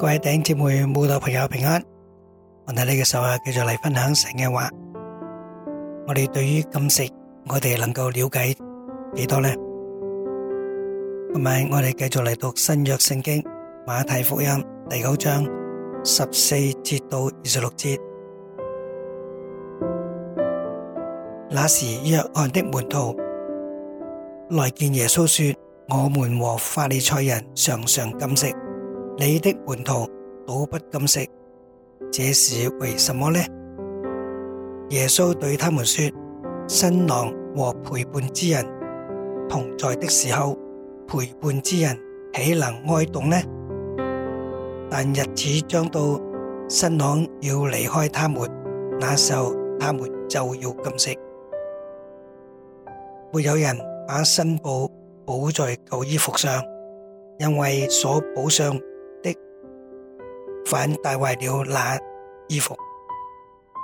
各位弟兄姊妹、慕道朋友平安，我哋呢個時候，繼續嚟分享神嘅話。我哋對於禁食，我哋能夠了解幾多呢？同埋我哋繼續嚟讀新約聖經馬太福音第九章十四節到二十六節。那時，約翰的門徒來見耶穌，說：我們和法利賽人常常禁食。你的門徒倒不禁食，這是為什麼呢？耶穌對他們說：新郎和陪伴之人同在的時候，陪伴之人豈能哀慟呢？但日子將到，新郎要離開他們，那時候他們就要禁食。沒有人把新布補在舊衣服上，因為所補上。反帶壞了，那衣服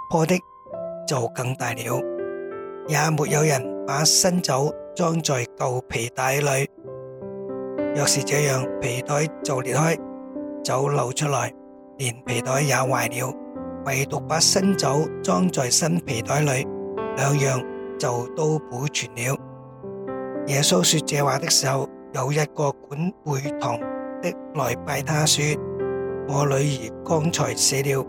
破的就更大了，也沒有人把新酒裝在舊皮袋裏。若是這樣，皮袋就裂開，酒漏出來，連皮袋也壞了。唯獨把新酒裝在新皮袋裏，兩樣就都保存了。耶穌說這話的時候，有一個管會堂的來拜他說。我女兒剛才死了，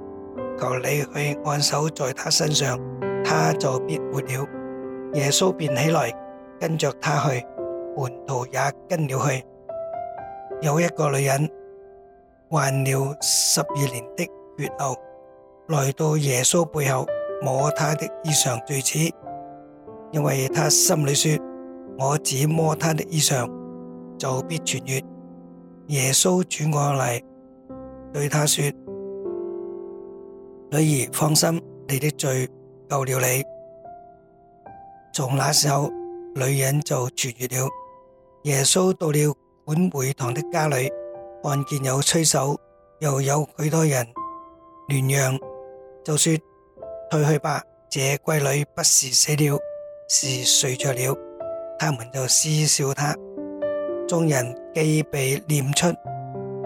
求你去按手在她身上，她就必活了。耶穌便起來，跟着她去，門徒也跟了去。有一個女人患了十二年的血漏，來到耶穌背後摸她的衣裳，繸子，因為她心裡說：我只摸她的衣裳，就必痊愈。耶穌轉過嚟。對他說：女兒放心，你的罪救了你。從那時候，女人就痊愈了。耶穌到了管會堂的家裏，看見有吹手，又有許多人亂嚷，就說：退去吧，這閨女不是死了，是睡着了。他們就嗤笑他。眾人既被念出。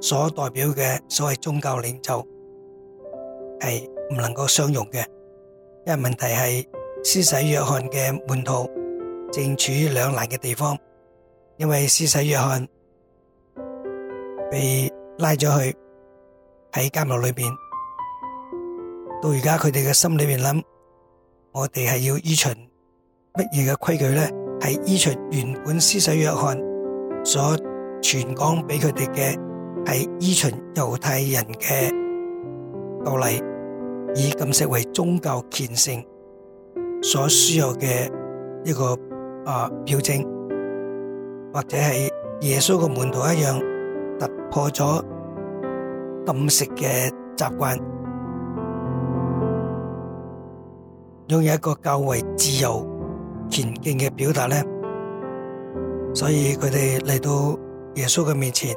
所代表嘅所謂宗教領袖係唔能夠相容嘅，因為問題係施洗約翰嘅門徒正處於兩難嘅地方，因為施洗約翰被拉咗去喺監獄裏邊，到而家佢哋嘅心裏邊諗，我哋係要依循乜嘢嘅規矩咧？係依循原本施洗約翰所傳講俾佢哋嘅。係依循猶太人嘅道理，以禁食為宗教虔誠所需要嘅一個啊表徵，或者係耶穌嘅門徒一樣突破咗禁食嘅習慣，擁有一個較為自由虔敬嘅表達咧。所以佢哋嚟到耶穌嘅面前。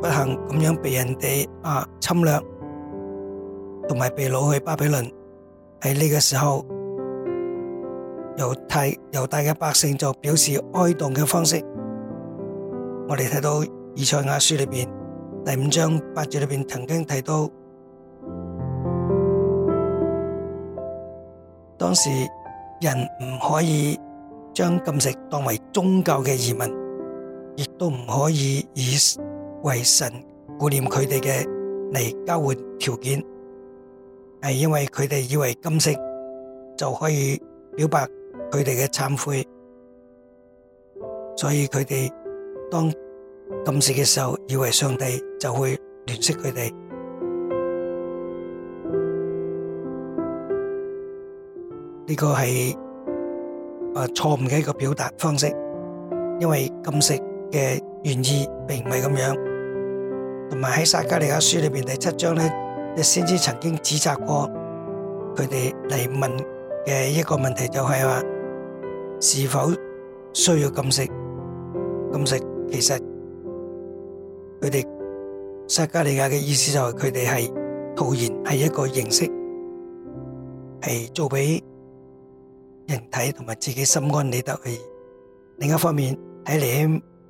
不幸咁樣被人哋啊，侵略，同埋被擄去巴比倫，喺呢個時候猶太猶大嘅百姓就表示哀悼嘅方式。我哋睇到以賽亞書裏邊第五章八節裏邊曾經提到，當時人唔可以將禁食當為宗教嘅儀文，亦都唔可以以。為神顧念佢哋嘅嚟交換條件，係因為佢哋以為禁食就可以表白佢哋嘅懺悔，所以佢哋當禁食嘅時候，以為上帝就會憐惜佢哋。呢個係啊錯誤嘅一個表達方式，因為禁食嘅原意並唔係咁樣。同埋喺撒加利亞書裏面第七章呢，先知曾經指責過佢哋嚟問嘅一個問題，就係話是否需要禁食？禁食其實佢哋撒加利亞嘅意思就係佢哋係徒然，係一個形式，係做俾人睇同埋自己心安理得而已。另一方面睇嚟。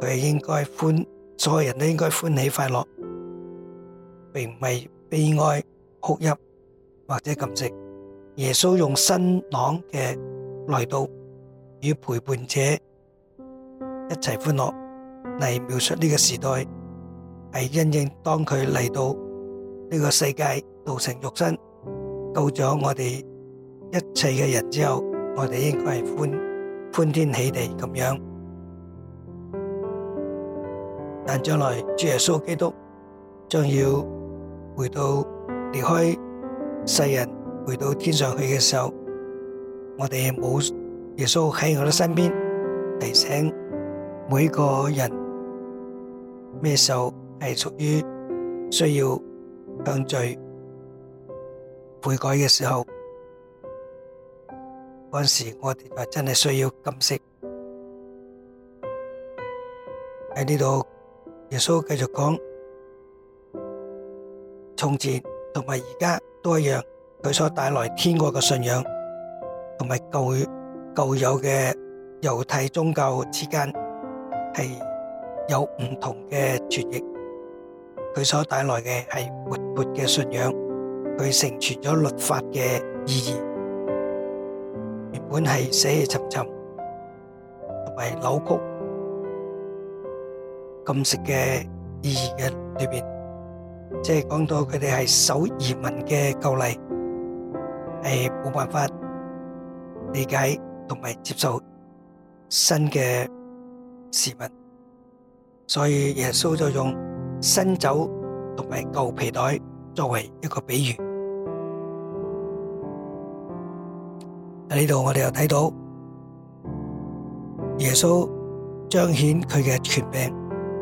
佢應該歡，所有人都應該歡喜快樂，並唔係悲哀、哭泣或者禁食。耶穌用新郎嘅來到與陪伴者一齊歡樂嚟描述呢個時代，係因應當佢嚟到呢個世界，道成肉身到咗我哋一切嘅人之後，我哋應該係歡歡天喜地咁樣。但將來主耶穌基督將要回到離開世人，回到天上去嘅時候，我哋冇耶穌喺我哋身邊提醒每個人咩時候係屬於需要向罪悔改嘅時候，嗰時我哋就真係需要禁食喺呢度。耶穌繼續講，從前同埋而家都一樣，佢所帶來天國嘅信仰，同埋舊舊有嘅猶太宗教之間係有唔同嘅傳譯。佢所帶來嘅係活潑嘅信仰，佢成全咗律法嘅意義，原本係死氣沉沉同埋扭曲。禁食嘅意義嘅裏邊，即係講到佢哋係守移民嘅舊例，係冇辦法理解同埋接受新嘅事物，所以耶穌就用新酒同埋舊皮袋作為一個比喻。喺呢度我哋又睇到耶穌彰顯佢嘅權柄。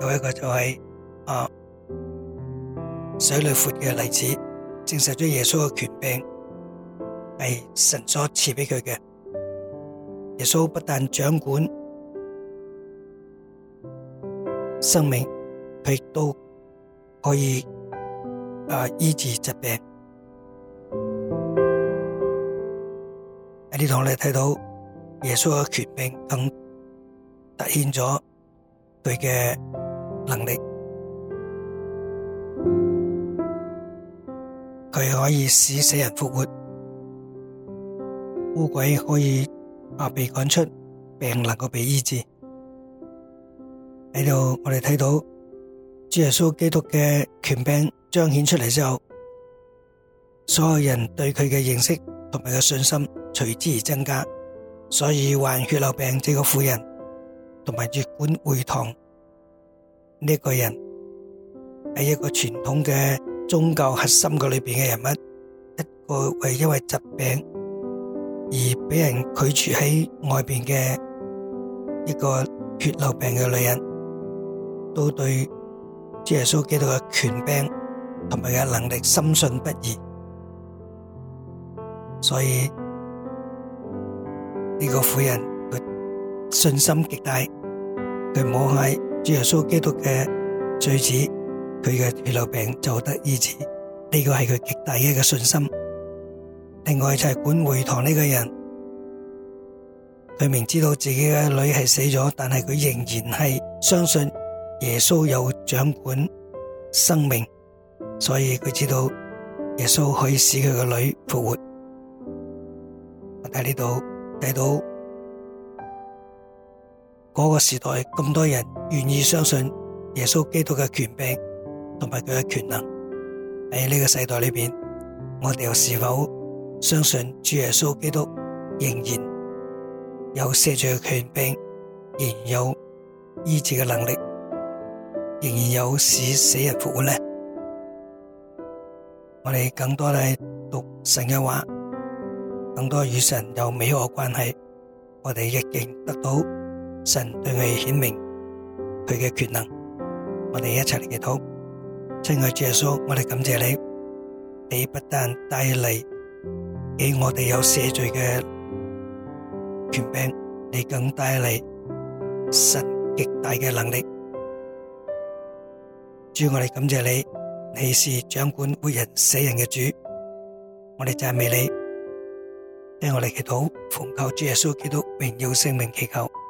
有一個就係、是、啊，水裏闊嘅例子，證實咗耶穌嘅權柄係神所賜俾佢嘅。耶穌不但掌管生命，佢亦都可以誒、啊、醫治疾病。喺呢度我哋睇到耶穌嘅權柄，更凸顯咗佢嘅。能力，佢可以使死人復活，污鬼可以啊被趕出，病能夠被醫治。喺度，我哋睇到主耶穌基督嘅權柄彰顯出嚟之後，所有人對佢嘅認識同埋嘅信心隨之而增加。所以，患血漏病這個婦人同埋月管會堂。呢個人係一個傳統嘅宗教核心個裏邊嘅人物，一個係因為疾病而俾人拒絕喺外邊嘅一個血流病嘅女人，都對主耶穌基督嘅權柄同埋佢嘅能力深信不疑，所以呢個婦人佢信心極大，佢摸係。主耶穌基督嘅罪子，佢嘅血漏病就得醫治，呢個係佢極大嘅一個信心。另外就係管會堂呢個人，佢明知道自己嘅女係死咗，但係佢仍然係相信耶穌有掌管生命，所以佢知道耶穌可以使佢嘅女復活。我睇呢度睇到。嗰、那個時代，咁多人願意相信耶穌基督嘅權柄同埋佢嘅權能，喺呢個世代裏邊，我哋又是否相信主耶穌基督仍然有赦罪嘅權柄，仍然有醫治嘅能力，仍然有使死，死人復活咧？我哋更多係讀神嘅話，更多與神有美好嘅關係，我哋亦認得到。神對我哋顯明佢嘅權能，我哋一齊嚟祈禱。親愛的主耶穌，我哋感謝你，你不但帶嚟俾我哋有赦罪嘅權柄，你更帶嚟神極大嘅能力。主，我哋感謝你，你是掌管活人死人嘅主，我哋讚美你。聽我哋祈禱，奉靠主耶穌基督，榮耀聖名，祈求。